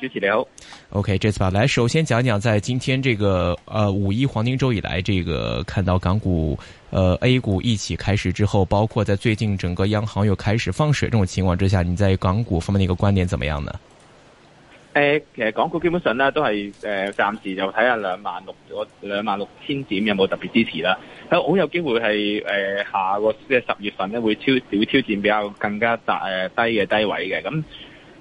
主持你好，OK，這次吧。來，首先講講，在今天這個，呃，五一黃金周以來，這個看到港股，呃，A 股一起開始之後，包括在最近整個央行又開始放水這種情況之下，你在港股方面的一個觀點怎麼樣呢？誒、呃，其實港股基本上呢都係，誒、呃，暫時就睇下兩萬六，兩萬六千點有冇特別支持啦。喺好有機會係，誒、呃，下個即係十月份呢會挑，會挑戰比較更加大，誒、呃，低嘅低位嘅咁。嗯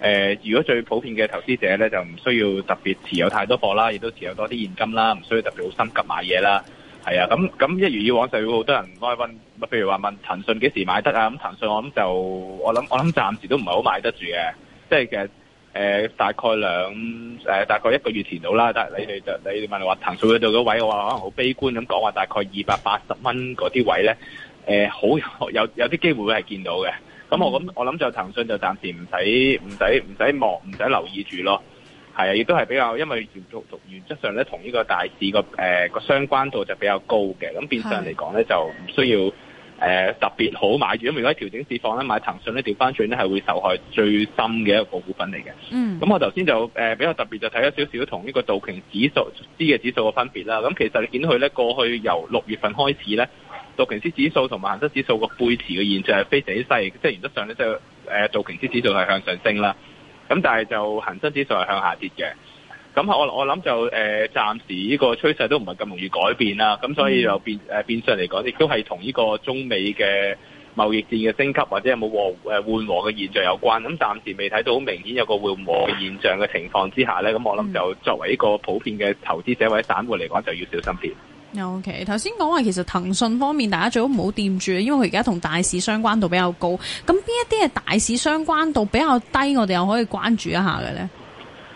誒、呃，如果最普遍嘅投資者咧，就唔需要特別持有太多貨啦，亦都持有多啲現金啦，唔需要特別好心急買嘢啦。係啊，咁咁一如以往就會好多人開問，譬如話問騰訊幾時買得啊？咁、嗯、騰訊我諗就，我諗我諗暫時都唔係好買得住嘅。即係其實誒大概兩誒、呃、大概一個月前到啦。但係你哋就你哋問話騰訊嗰度嘅位置，我話可能好悲觀咁講話，大概二百八十蚊嗰啲位咧，誒、呃、好有有啲機會係見到嘅。咁我咁我諗就騰訊就暫時唔使唔使唔使望，唔使留意住咯，係啊，亦都係比較，因為原原則上咧同呢個大市個誒個相關度就比較高嘅，咁變相嚟講咧就唔需要誒、呃、特別好買住，因為如果調整市況咧買騰訊呢，掉翻轉咧係會受害最深嘅一個股份嚟嘅。嗯，咁我頭先就誒、呃、比較特別就睇咗少少同呢個道瓊指數啲嘅指、指數個分別啦。咁其實你見到佢咧過去由六月份開始咧。道瓊斯指數同埋恒生指數個背馳嘅現象係非常之細，即、就、係、是、原則上咧就誒道瓊斯指數係向上升啦，咁但係就恒生指數係向下跌嘅。咁我我諗就誒、呃、暫時呢個趨勢都唔係咁容易改變啦。咁所以就變誒、呃、變相嚟講，亦都係同呢個中美嘅貿易戰嘅升級或者有冇和誒緩和嘅現象有關。咁暫時未睇到好明顯有個緩和嘅現象嘅情況之下咧，咁我諗就作為一個普遍嘅投資者或者散戶嚟講，就要小心啲。OK，頭先講話其實騰訊方面大家最好唔好掂住，因為佢而家同大市相關度比較高。咁邊一啲係大市相關度比較低，我哋又可以關注一下嘅咧？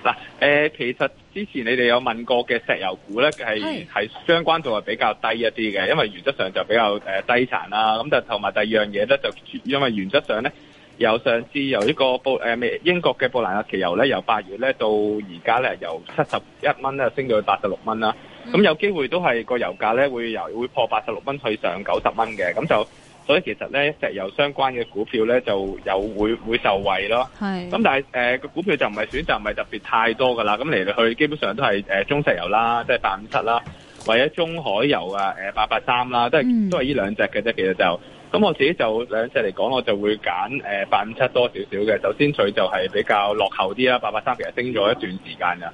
嗱，誒，其實之前你哋有問過嘅石油股咧，係係相關度係比較低一啲嘅，因為原則上就比較誒低殘啦。咁就同埋第二樣嘢咧，就因為原則上咧，由上次由呢個布誒英國嘅布蘭特期油咧，由八月咧到而家咧，由七十一蚊咧升到去八十六蚊啦。咁有機會都係個油價咧會由會破八十六蚊去上九十蚊嘅，咁就所以其實咧石油相關嘅股票咧就有會會受惠咯。係。咁但係誒個股票就唔係選擇唔係特別太多㗎啦。咁嚟嚟去基本上都係、呃、中石油啦，即係八五七啦，或者中海油啊，誒八八三啦，都係都係呢兩隻嘅啫、嗯。其實就咁我自己就兩隻嚟講，我就會揀誒八五七多少少嘅。首先佢就係比較落後啲啦，八八三其實升咗一段時間㗎。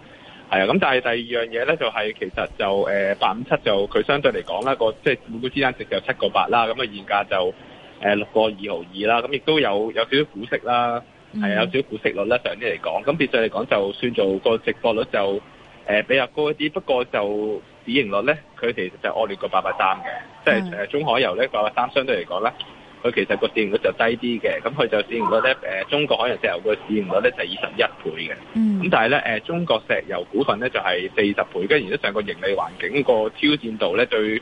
係啊，咁但係第二樣嘢咧就係、是、其實就誒八五七就佢相對嚟講啦，那個即係、就是、每股資產值就七個八啦，咁啊現價就誒六個二毫二啦，咁亦都有有少少股息啦，係、mm -hmm. 有少少股息率咧上啲嚟講，咁變相嚟講就算做個直播率就、呃、比較高一啲，不過就市盈率咧佢哋就惡劣過八八三嘅，mm -hmm. 即係中海油呢，八八三相對嚟講咧。佢其實個市盈率就低啲嘅，咁佢就市盈率咧，誒中國海洋石油個市盈率咧就二十一倍嘅，咁、嗯、但係咧誒中國石油股份咧就係四十倍，跟住而上個盈利環境個挑戰度咧對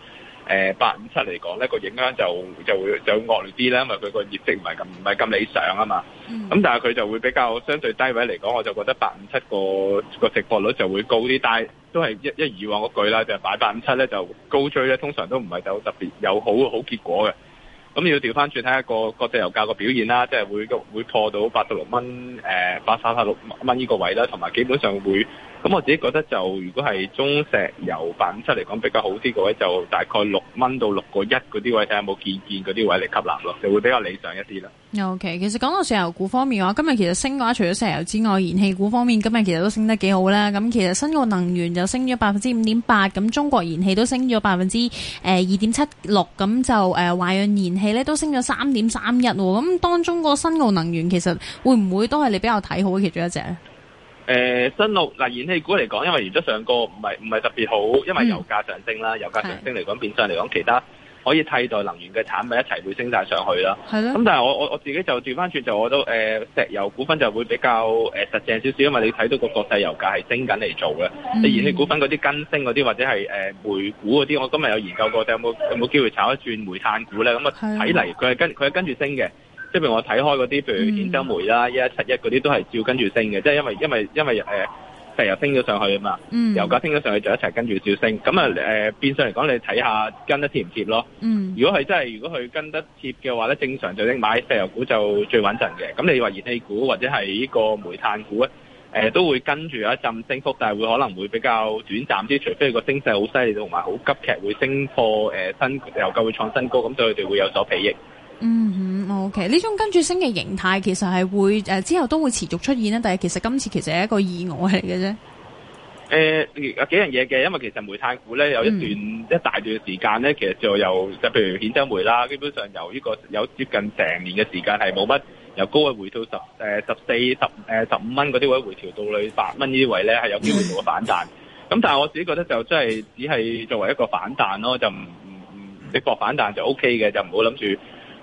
誒八五七嚟講咧、個影響就就會就會惡劣啲啦，因為佢個業績唔係咁唔係咁理想啊嘛，咁、嗯、但係佢就會比較相對低位嚟講，我就覺得八五七個個市博率就會高啲，但係都係一一如往嗰句啦，就係買八五七咧就高追咧，通常都唔係就好特別有好好結果嘅。咁要調翻轉睇下個國際油價個表現啦，即係會會破到八十六蚊，誒八三十六蚊呢個位啦，同埋基本上會。咁我自己覺得就如果係中石油八五七嚟講比較好啲嘅位，就大概六蚊到六個一嗰啲位，睇下冇見見嗰啲位嚟吸納咯，就會比較理想一啲啦。OK，其實講到石油股方面嘅話，今日其實升嘅話，除咗石油之外，燃氣股方面今日其實都升得幾好啦。咁其實新奧能源就升咗百分之五點八，咁中國燃氣都升咗百分之誒二點七六，咁就誒華潤燃氣咧都升咗三點三一喎。咁當中個新奧能源其實會唔會都係你比較睇好嘅其中一隻咧？誒、呃，新六嗱，燃氣股嚟講，因為原則上個唔係唔係特別好，因為油價上升啦，嗯、油價上升嚟講，變相嚟講，其他可以替代能源嘅產品一齊會升晒上去啦。係咁、嗯、但係我我我自己就調翻轉，就我都誒、呃，石油股份就會比較誒、呃、實淨少少，因為你睇到個國際油價係升緊嚟做嘅。嗯。燃氣股份嗰啲跟升嗰啲或者係誒、呃、煤股嗰啲，我今日有研究過，有冇有冇機會炒一轉煤炭股咧？咁啊睇嚟佢係跟佢係跟住升嘅。即係譬如我睇開嗰啲，譬如兗州煤啦、一一七一嗰啲，都係照跟住升嘅。Mm. 即係因為因為因為誒、呃、石油升咗上去啊嘛，mm. 油價升咗上去就一齊跟住照升。咁啊、呃、變相嚟講，你睇下跟得貼唔貼咯。如果係真係，如果佢跟得貼嘅話咧，正常就應買石油股就最穩陣嘅。咁你話燃氣股或者係呢個煤炭股咧，誒、呃、都會跟住有一陣升幅，但係會可能會比較短暫啲。除非個升勢好犀利同埋好急劇，會升破誒、呃、新油價會創新高，咁所以佢哋會有所裨益。嗯 OK 呢種跟住升嘅形態其實係會誒、呃、之後都會持續出現咧，但係其實今次其實係一個意外嚟嘅啫。誒、呃，有幾樣嘢嘅，因為其實煤炭股咧有一段、嗯、一大段時間咧，其實就由就譬如兗州煤啦，基本上由呢、這個有接近成年嘅時間係冇乜由高位回到十誒、呃、十四十誒、呃、十五蚊嗰啲位回調到去八蚊呢啲位咧，係有機會做反彈。咁 但係我自己覺得就真係只係作為一個反彈咯，就唔唔唔，你搏反彈就 OK 嘅，就唔好諗住。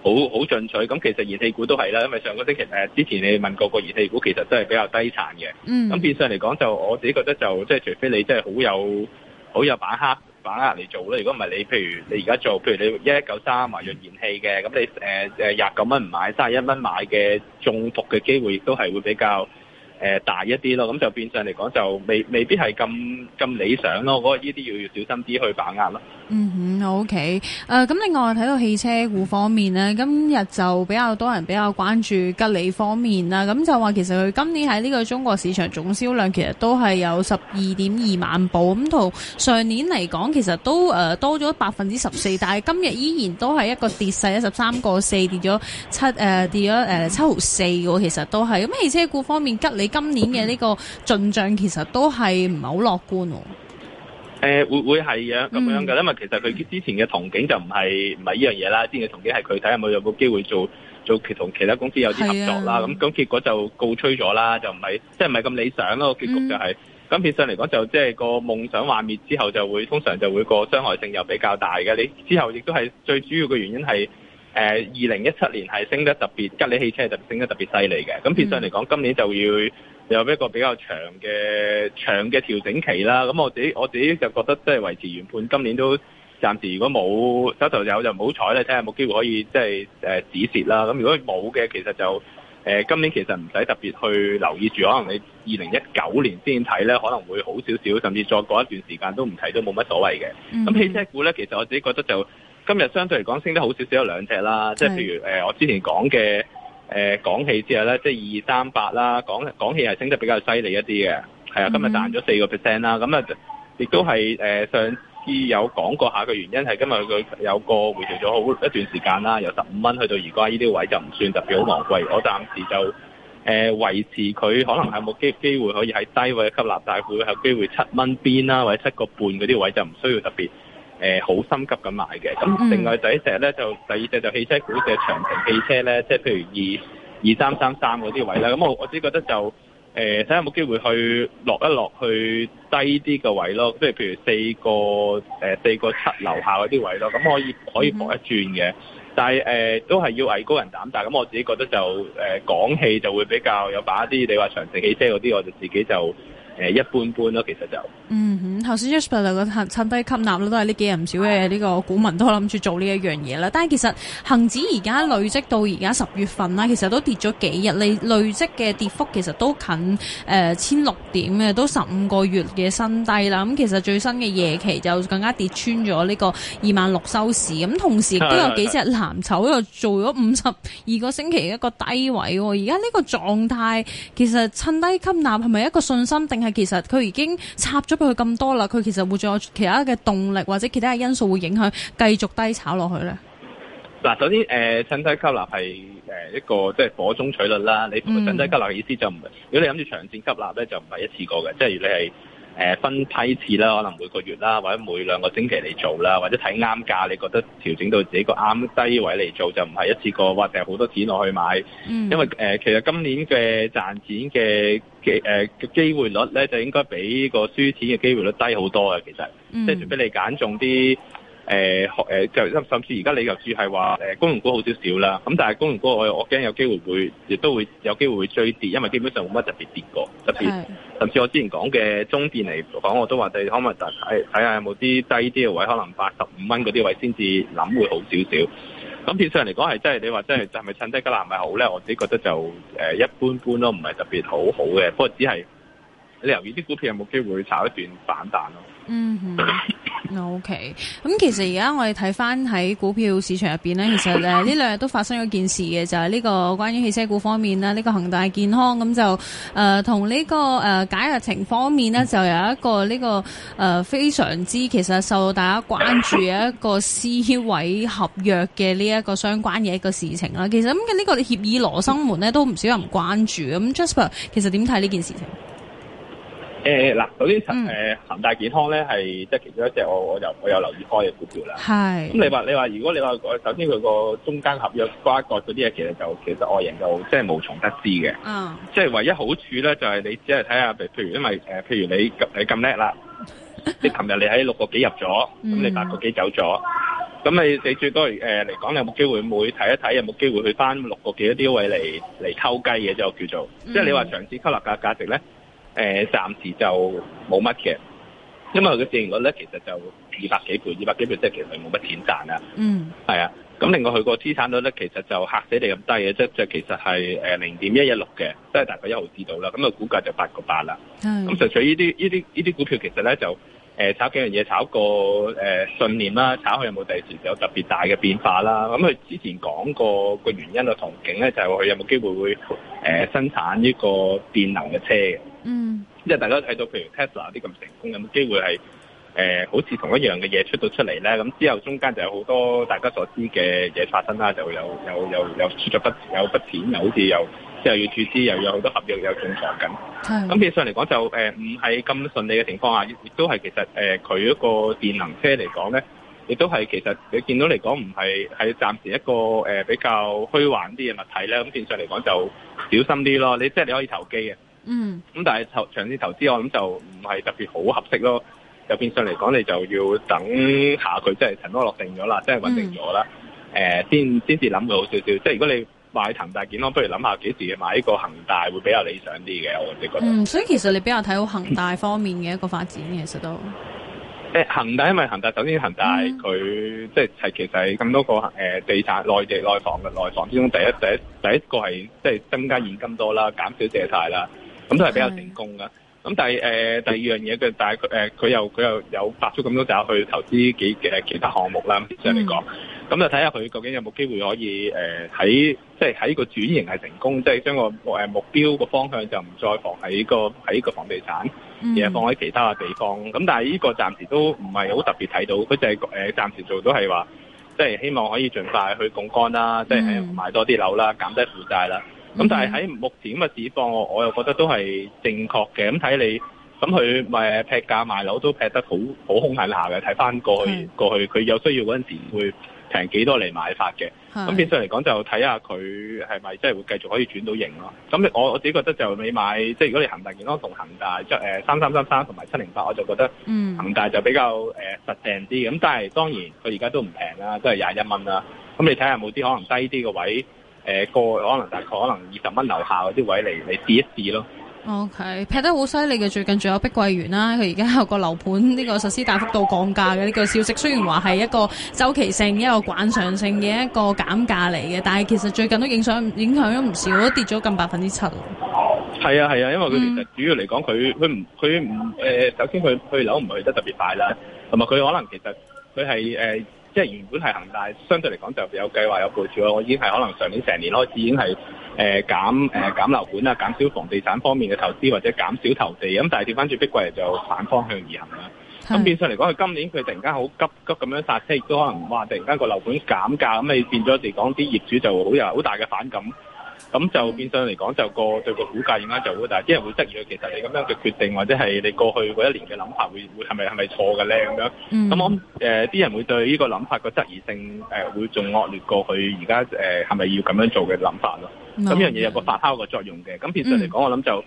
好好進取，咁其實燃氣股都係啦，因為上個星期、呃、之前你問過個燃氣股，其實都係比較低殘嘅。嗯，咁變相嚟講就我自己覺得就即係除非你真係好有好有把握把握嚟做啦。如果唔係你譬如你而家做，譬如你一九三買入燃氣嘅，咁你誒誒廿九蚊唔買，三十一蚊買嘅中伏嘅機會亦都係會比較。誒、呃，大一啲咯，咁就變相嚟講就未未必係咁咁理想咯。我覺得呢啲要小心啲去把握咯。嗯嗯 OK 誒，咁、OK 呃、另外睇到汽車股方面呢，今日就比較多人比較關注吉利方面啦。咁就話其實佢今年喺呢個中國市場總銷量其實都係有十二點二萬部，咁同上年嚟講其實都誒多咗百分之十四，但係今日依然都係一個跌勢，一十三個四跌咗七誒跌咗誒七毫四喎。其實都係咁，呃呃呃、汽車股方面吉利。今年嘅呢個進帳其實都係唔係好樂觀喎？誒，會會係啊，咁樣嘅，因為其實佢之前嘅憧憬就唔係唔係呢樣嘢啦，之前嘅憧憬係佢睇下有冇有冇機會做做其同其他公司有啲合作啦，咁咁、啊嗯、結果就告吹咗啦，就唔係即係唔係咁理想咯，結局就係咁變相嚟講就即係個夢想幻滅之後就會通常就會個傷害性又比較大嘅，你之後亦都係最主要嘅原因係。誒、呃，二零一七年係升得特別，吉利汽車係特升得特別犀利嘅。咁變相嚟講，今年就要有一個比較長嘅長嘅調整期啦。咁我自己我自己就覺得，即係維持原判。今年都暫時如果冇手頭有就唔好彩咧，睇下有冇機會可以即係誒止蝕啦。咁如果冇嘅，其實就誒、呃、今年其實唔使特別去留意住，可能你二零一九年先睇咧，可能會好少少，甚至再過一段時間都唔睇都冇乜所謂嘅。咁、嗯、汽車股咧，其實我自己覺得就～今日相對嚟講升得好少少，有兩隻啦，即係譬如誒我之前、呃、講嘅誒廣汽之後咧，即係二三八啦，廣廣汽係升得比較犀利一啲嘅，係啊，今日賺咗四個 percent 啦，咁啊亦都係誒、呃、上次有講過下嘅原因係今日佢有個回調咗好一段時間啦，由十五蚊去到而家呢啲位就唔算特別好昂貴，我暫時就誒、呃、維持佢可能係冇機會可以喺低位吸納，大會會有機會七蚊邊啦或者七個半嗰啲位就唔需要特別。誒、呃、好心急咁買嘅，咁另外第一隻咧就第二隻就汽車股嘅長城汽車咧，即係譬如二二三三三嗰啲位啦。咁我我自己覺得就誒睇下、呃、有冇機會去落一落去低啲嘅位咯，即係譬如四個四、呃、四個七樓下嗰啲位咯。咁可以可以搏一轉嘅，但係誒、呃、都係要畏高人膽大。咁我自己覺得就誒港氣就會比較有把握啲。你話長城汽車嗰啲，我就自己就。誒、呃、一般般咯，其實就嗯哼，頭先 Jasper 個趁低吸納都係呢幾日唔少嘅呢個股民都諗住做呢一樣嘢啦。但係其實恒指而家累積到而家十月份啦，其實都跌咗幾日，你累積嘅跌幅其實都近誒千六點嘅，都十五個月嘅新低啦。咁、嗯、其實最新嘅夜期就更加跌穿咗呢個二萬六收市。咁、嗯、同時都有幾隻藍籌度做咗五十二個星期一個低位喎、哦。而家呢個狀態，其實趁低吸納係咪一個信心定？係，其實佢已經插咗佢咁多啦，佢其實會再有其他嘅動力或者其他嘅因素會影響繼續低炒落去咧？嗱，首先誒，趁低吸納係誒一個即係火中取栗啦。你趁低吸納嘅意思就唔係、嗯，如果你諗住長線吸納咧，就唔係一次過嘅，即係你係誒分批次啦，可能每個月啦，或者每兩個星期嚟做啦，或者睇啱價，你覺得調整到自己個啱低位嚟做，就唔係一次過，或者好多錢落去買。嗯、因為誒、呃，其實今年嘅賺錢嘅。嘅嘅機會率咧，就應該比個輸錢嘅機會率低好多嘅，其實，即係除俾你揀中啲誒學誒，就、呃、甚至而家你又住係話誒公用股好少少啦。咁但係公用股我我驚有機會會亦都會有機會會追跌，因為基本上冇乜特別跌過，特別甚至我之前講嘅中電嚟講，我都話對康民達睇睇下有冇啲低啲嘅位，可能八十五蚊嗰啲位先至諗會好少少。咁面上嚟講係，真係你話真係就係咪趁低嘅啦？唔係好咧，我自己覺得就、呃、一般般咯，唔係特別好好嘅。不過只係你留意啲股票有冇機會炒一段反彈咯。嗯。 OK，咁其實而家我哋睇翻喺股票市場入邊咧，其實誒呢兩日都發生咗件事嘅，就係、是、呢個關於汽車股方面啦。呢、這個恒大健康咁就誒同呢個誒、呃、解約情方面呢，就有一個呢、這個誒、呃、非常之其實受到大家關注嘅一個思委合約嘅呢一個相關嘅一個事情啦。其實咁呢個協議羅生門呢，都唔少人關注。咁 Jasper，其實點睇呢件事情？誒、嗯、嗱、嗯，首先，誒恒大健康咧，係即係其中一隻我我有我有留意開嘅股票啦。係咁你話你話如果你話首先佢個中間合約瓜葛嗰啲嘢，其實就其實外形就即係無從得知嘅。嗯、哦，即係唯一好處咧，就係、是、你只係睇下，譬譬如因為誒、呃，譬如你你咁叻啦，係琴日你喺六個幾入咗，咁、嗯、你八個幾走咗，咁你你最多誒嚟講，有冇機會每睇一睇，有冇機會去返六個幾一啲位嚟嚟偷雞嘅就叫做，即、嗯、係、就是、你話嘗試吸納價價值咧。誒暫時就冇乜嘅，因為佢嘅市盈率咧，其實就二百幾倍，二百幾倍即係其實佢冇乜錢賺啦。嗯，係啊，咁另外佢個資產率咧，其實就嚇死你咁低嘅，即即係其實係誒零點一一六嘅，都係大概一毫紙到啦。咁啊股價就八個八啦。咁純粹呢啲呢啲呢啲股票其實咧就誒炒幾樣嘢，炒個誒信念啦，炒佢有冇第時有特別大嘅變化啦。咁佢之前講過個原因同前景咧就係佢有冇機會會誒生產呢個電能嘅車嘅。嗯，即、就、係、是、大家睇到，譬如 Tesla 啲咁成功，有冇機會係誒、呃，好似同一樣嘅嘢出到出嚟咧？咁之後中間就有好多大家所知嘅嘢發生啦，就有有有有，有，有，有,、就是、有，有有有出咗筆有筆錢，又好似又之後要注資，又有好多合約有仲裁緊。係咁，變相嚟講就誒，唔係咁順利嘅情況下，亦都係其實誒，佢、呃、一個電能車嚟講咧，亦都係其實你見到嚟講唔係喺暫時一個誒、呃、比較虛幻啲嘅物體咧。咁變相嚟講就小心啲咯。你即係、就是、你可以投機嘅。嗯，咁、嗯、但係投長線投資，我諗就唔係特別好合適咯。就變相嚟講，你就要等下佢即係塵埃落定咗啦，即係穩定咗啦，先先至諗佢好少少。即係如果你買恒大健康，不如諗下幾時買一個恒大會比較理想啲嘅，我自己覺得。嗯，所以其實你比較睇好恒大方面嘅一個發展， 其實都。誒、欸，恒大因為恒大首先恒大，恒大佢即係其實係咁多個誒地產內地內房嘅內房之中第一第一第一，第一個係即增加現金多啦，減、嗯、少借貸啦。咁都係比較成功噶。咁第誒第二樣嘢嘅，但係佢佢又佢又有發出咁多債去投資幾嘅其他項目啦。相對嚟講，咁、嗯嗯、就睇下佢究竟有冇機會可以誒喺、呃、即係喺個轉型係成功，即係將個目標個方向就唔再放喺、這個喺個房地產，而係放喺其他嘅地方。咁、嗯嗯、但係呢個暫時都唔係好特別睇到，佢就係、是呃、暫時做都係話，即係希望可以儘快去槓桿啦，嗯、即係賣多啲樓啦，減低負債啦。咁、嗯、但係喺目前嘅市況，我我又覺得都係正確嘅。咁睇你，咁佢誒劈價賣樓都劈得好好兇狠下嘅。睇翻過去過去，佢有需要嗰陣時會平幾多嚟買法嘅。咁變相嚟講就睇下佢係咪即係會繼續可以轉到型咯。咁我我自己覺得就你買，即係如果你恒大健康同恒大即三三三三同埋七零八，我就覺得嗯恒大就比較、呃、實淨啲。咁但係當然佢而家都唔平啦，都係廿一蚊啦。咁你睇下有冇啲可能低啲嘅位？誒、呃、個可能大概可能二十蚊樓下嗰啲位嚟，你試一試咯。O K. 劈得好犀利嘅，最近仲有碧桂園啦、啊，佢而家有個樓盤呢個實施大幅度降價嘅呢、這個消息。雖然話係一個周期性、一個慣常性嘅一個減價嚟嘅，但係其實最近都影響影響咗唔少，都跌咗近百分之七。係啊係啊，因為佢其實主要嚟講，佢佢唔佢唔誒，首先佢去，去樓唔去得特別快啦，同埋佢可能其實佢係誒。即係原本係恒大，相對嚟講就有計劃、有部署。咯我已經係可能上年成年開始已經係誒減誒減樓盤啊，減少房地產方面嘅投資或者減少投地。咁但係調翻轉碧桂就反方向而行啦。咁變相嚟講，佢今年佢突然間好急急咁樣煞車，亦都可能哇！突然間個樓盤減價，咁你變咗嚟講啲業主就好有好大嘅反感。咁就變相嚟講，就個對個股價影響就好大。啲人會質疑，其實你咁樣嘅決定，或者係你過去嗰一年嘅諗法會，會會係咪係咪錯嘅咧？咁、嗯、樣，咁我誒啲、呃、人會對呢個諗法個質疑性、呃、會仲惡劣過佢而家誒係咪要咁樣做嘅諗法咯？咁、嗯、樣嘢有個發酵嘅作用嘅。咁變相嚟講、嗯，我諗就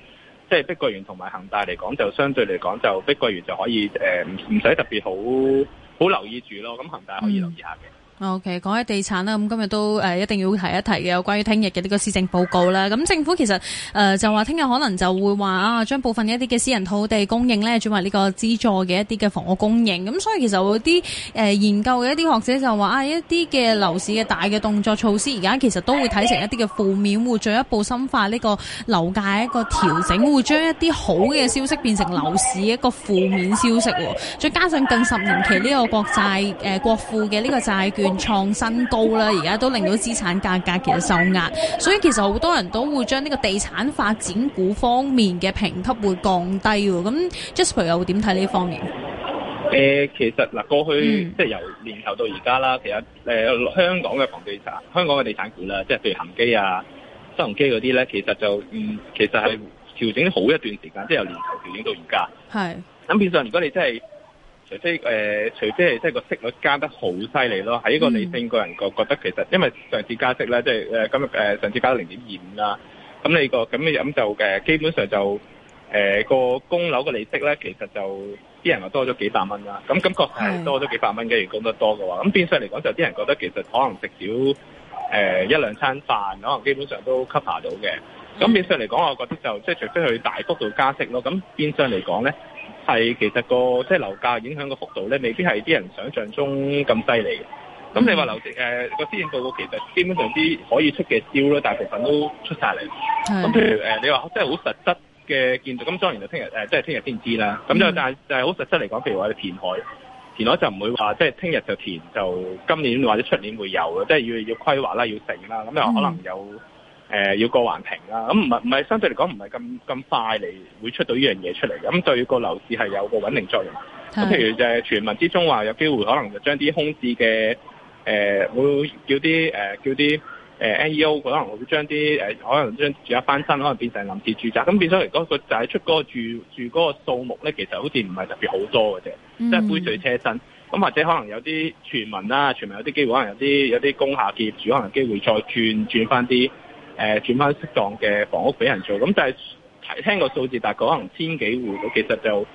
即係、即係、碧桂園同埋恒大嚟講，就相對嚟講，就碧桂園就可以誒唔使特別好好留意住咯。咁恒大可以留意下嘅。嗯 OK，講起地產啦，咁今日都誒、呃、一定要提一提嘅，有關於聽日嘅呢個施政報告啦。咁政府其實誒、呃、就話聽日可能就會話啊，將部分一啲嘅私人土地供應咧，轉為呢個資助嘅一啲嘅房屋供應。咁所以其實有啲誒、呃、研究嘅一啲學者就話啊，一啲嘅樓市嘅大嘅動作措施，而家其實都會睇成一啲嘅負面，會進一步深化呢個樓價一個調整，會將一啲好嘅消息變成樓市一個負面消息。再加上近十年期呢個國債誒、呃、國庫嘅呢個債券。創新高啦，而家都令到資產價格其實受壓，所以其實好多人都會將呢個地產發展股方面嘅評級會降低。咁 Jasper 又會點睇呢方面？誒、呃，其實嗱、呃，過去、嗯、即係由年頭到而家啦，其實誒、呃、香港嘅房地產、香港嘅地產股啦，即係譬如恒基啊、新鴻基嗰啲咧，其實就嗯，其實係調整好一段時間，即係由年頭調整到而家。係咁，變、嗯、相如果你真係。除非誒、呃，除非係即係個息率加得好犀利咯，喺呢個理性個人覺覺得其實，因為上次加息咧，即係誒今日誒上次加到零點二五啦，咁你個咁咁就誒基本上就誒個、呃、供樓嘅利息咧，其實就啲人話多咗幾百蚊啦，咁感覺係多咗幾百蚊嘅如供得多嘅話，咁變相嚟講就啲人覺得其實可能食少誒一兩餐飯，可能基本上都 cover 到嘅，咁變相嚟講我覺得就即係、就是、除非佢大幅度加息咯，咁變相嚟講咧。係，其實、那個即係、就是、樓價影響個幅度咧，未必係啲人想象中咁犀利嘅。咁你話樓市個施政報告其實基本上啲可以出嘅招咧，大部分都出曬嚟。咁譬如誒、呃，你話即係好實質嘅建築，咁當然就聽日誒，即係聽日先知啦。咁就是嗯、但係好實質嚟講，譬如話填海，填海就唔會話即係聽日就填，就今年或者出年會有嘅，即係要要規劃啦，要成啦。咁你話可能有。嗯誒、呃、要過環評啦、啊，咁唔係唔係相對嚟講唔係咁咁快嚟會出到呢樣嘢出嚟嘅，咁對個樓市係有個穩定作用。咁譬如就係傳聞之中話有機會可能就將啲空置嘅誒、呃、會叫啲誒、呃、叫啲誒 NEO 可能會將啲可能將住一翻身，可能變成臨時住宅，咁變咗嚟講佢就係出嗰個住住嗰個數目咧，其實好似唔係特別好多嘅啫，即、嗯、係、就是、杯水車薪。咁或者可能有啲傳聞啦、啊，傳聞有啲機會可能有啲有啲工廈業主，可能機會再轉轉翻啲。誒、呃、轉翻適當嘅房屋俾人做，咁就係聽個數字大概可能千幾戶，其實就誒、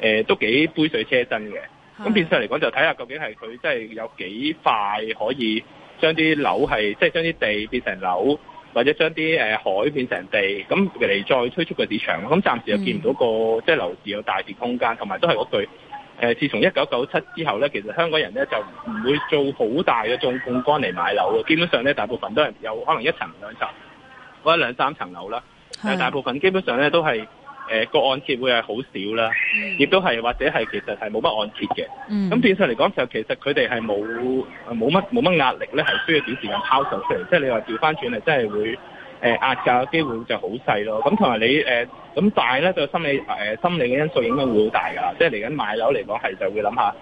呃、都幾杯水車薪嘅。咁變相嚟講，就睇下究竟係佢真係有幾快可以將啲樓係即係將啲地變成樓，或者將啲海變成地，咁嚟再推出個市場。咁暫時又見唔到個、嗯、即係樓市有大跌空間，同埋都係嗰句、呃、自從一九九七之後咧，其實香港人咧就唔會做好大嘅種槓桿嚟買樓嘅，基本上咧大部分都係有可能一層兩層。嗰兩三層樓啦，但係大部分基本上咧都係、呃、個按揭會係好少啦，亦都係或者係其實係冇乜按揭嘅。咁變相嚟講就其實佢哋係冇冇乜冇乜壓力咧，係需要短時間拋售出嚟。即係你話調翻轉嚟，真係會、呃、壓價嘅機會就好細囉。咁同埋你咁、呃、大呢就心理、呃、心理嘅因素影響會好大㗎。即係嚟緊買樓嚟講係就會諗下、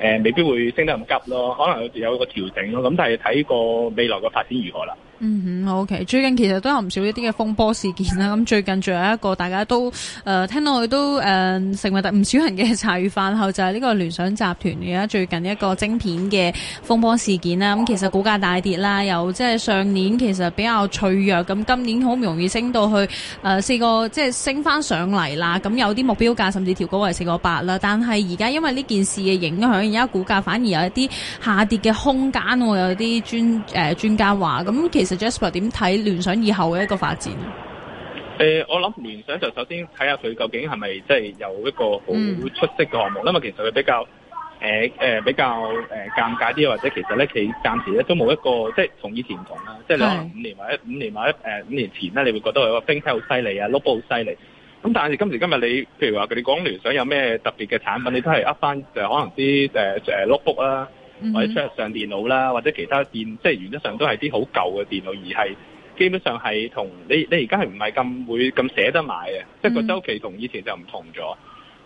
呃、未必會升得咁急咯，可能有有個調整囉。咁但係睇個未來個發展如何啦。嗯哼，好嘅。最近其實都有唔少一啲嘅風波事件啦。咁最近仲有一個大家都、呃、聽到佢都成為唔少人嘅茶餘飯後，就係、是、呢個聯想集團而家最近一個晶片嘅風波事件啦。咁其實股價大跌啦，又即係上年其實比較脆弱，咁今年好唔容易升到去、呃、四個，即、就、係、是、升翻上嚟啦。咁有啲目標價甚至調高為四個八啦。但係而家因為呢件事嘅影響，而家股價反而有一啲下跌嘅空間喎。有啲專、呃、專家話，咁其 Jasper 點睇聯想以後嘅一個發展？誒、嗯嗯，我諗聯想就首先睇下佢究竟係咪即係有一個好出色嘅項目啦。因為其實佢比較誒誒、呃呃、比較誒尷尬啲，或者其實咧佢暫時咧都冇一個即係同以前唔同啦。即係兩五年或者五年或者誒五年前咧，你會覺得佢個 ThinkPad 好犀利啊，Notebook 好犀利。咁但係今時今日你譬如話佢哋講聯想有咩特別嘅產品，你都係噏翻就可能啲誒誒、呃、Notebook 啦。或者出桌上電腦啦，或者其他電，即係原則上都係啲好舊嘅電腦，而係基本上係同你你而家係唔係咁會咁捨得買嘅，即係個周期同以前就唔同咗。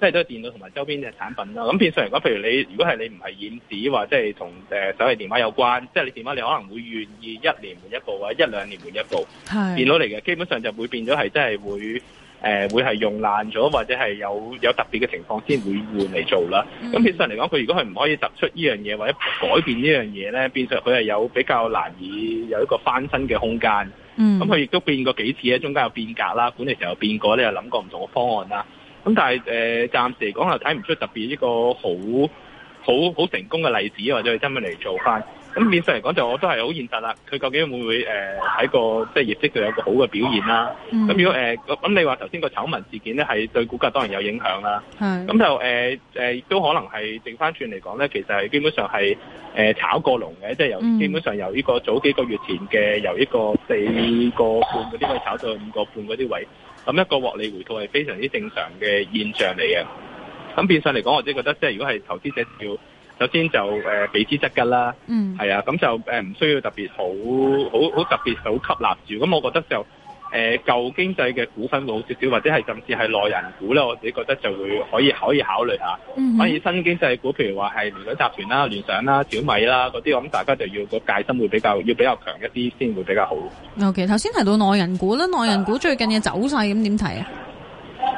即係都係電腦同埋周邊嘅產品啦。咁變相嚟講，譬如你如果係你唔係顯示或者係同誒手提電話有關，即係你電話你可能會願意一年換一部或者一兩年換一部，係電腦嚟嘅，基本上就會變咗係真係會。誒、呃、會係用爛咗，或者係有有特別嘅情況先會換嚟做啦。咁其實嚟講，佢如果係唔可以突出呢樣嘢，或者改變呢樣嘢咧，變相佢係有比較難以有一個翻身嘅空間。咁佢亦都變過幾次咧，中間有變革啦，管理上有變過咧，又諗過唔同嘅方案啦。咁但係誒、呃，暫時嚟講係睇唔出特別一個好好好成功嘅例子，或者係真係嚟做翻。咁變相嚟講，就我都係好現實啦。佢究竟會唔會誒喺、呃、個即係業績度有個好嘅表現啦？咁、嗯、如果誒咁，呃、你話頭先個醜聞事件咧，係對股價當然有影響啦。咁、嗯、就誒、呃呃、都可能係掉翻轉嚟講咧，其實係基本上係、呃、炒過龍嘅，即係由、嗯、基本上由呢個早幾個月前嘅由一個四個半嗰啲位炒到五個半嗰啲位，咁一個獲利回吐係非常之正常嘅現象嚟嘅。咁變相嚟講，我自己覺得即係如果係投資者要。首先就誒俾、呃、資質㗎啦，係、嗯、啊，咁就誒唔、呃、需要特別好好好特別好吸納住。咁我覺得就誒、呃、舊經濟嘅股份好少少，或者係甚至係內人股咧，我自己覺得就會可以可以考慮下。反、嗯、而新經濟股，譬如話係聯想集團啦、聯想啦、小米啦嗰啲，我諗大家就要個戒心會比較要比較強一啲，先會比較好。OK，頭先提到內人股啦，內人股最近嘅走勢咁點睇啊？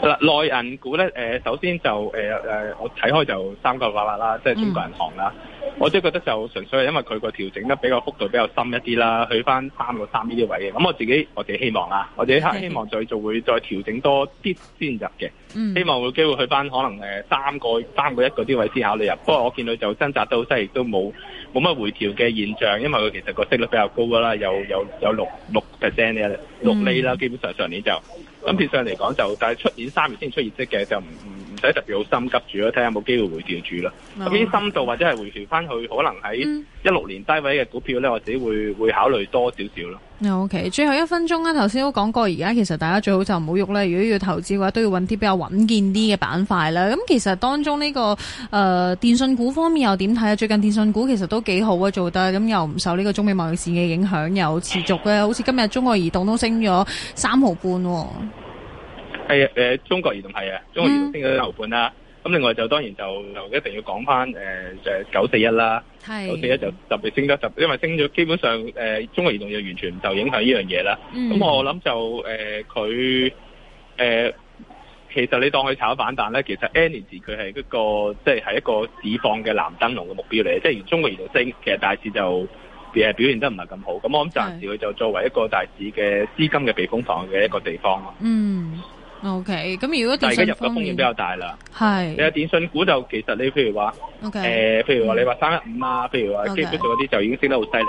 嗱， 內銀股咧，誒，首先就誒誒、呃呃，我睇開就三個八八啦，即係中國銀行啦。嗯我都覺得就純粹係因為佢個調整得比較幅度比較深一啲啦，去翻三個三呢啲位嘅。咁我自己我幾希望啦，我哋希希望再做會 再調整多啲先入嘅。希望會機會去翻可能三個三個一個啲位先考慮入，嗯。不過我見到就掙扎到真係都冇冇乜回調嘅現象，因為佢其實個息率比較高㗎啦，有有有六六 percent 嘅六釐啦，基本上上年就咁變相嚟講就，但係出年三月先出業績嘅就唔唔。唔使特別好心急住咯，睇下有冇機會回調住啦。咁、okay. 啲深度或者係回調翻去，可能喺一六年低位嘅股票咧，mm. 或者會會考慮多少少咯。o、okay. k 最後一分鐘咧，頭先都講過，而家其實大家最好就唔好喐咧。如果要投資嘅話，都要揾啲比較穩健啲嘅板塊啦。咁其實當中呢、呢個誒、呃、電信股方面又點睇啊？最近電信股其實都幾好啊，做得咁又唔受呢個中美貿易戰嘅影響，又持續嘅。好似今日中國移動都升咗三毫半。係誒、啊、呃，中國移動係啊，中國移動升咗毫半啦。咁、嗯、另外就當然就就一定要講翻誒誒九四一啦，九四一就特別升得特，因為升咗基本上誒、呃，中國移動就完全唔受影響呢樣嘢啦。咁、嗯、我諗就誒佢誒其實你當佢炒反彈咧，其實 energy 佢係一個即係係一個止放嘅藍燈籠嘅目標嚟嘅，即係中國移動升，其實大市就表現得唔係咁好。咁我諗暫時佢就作為一個大市嘅資金嘅避風港嘅一個地方咯。嗯。O K，咁如果而家入嘅風險比較大啦，係，你有電信股就其實你譬如話，OK，誒、呃，譬如話你話三一五啊、嗯，譬如話、okay. 基本上啲就已經升得好犀利。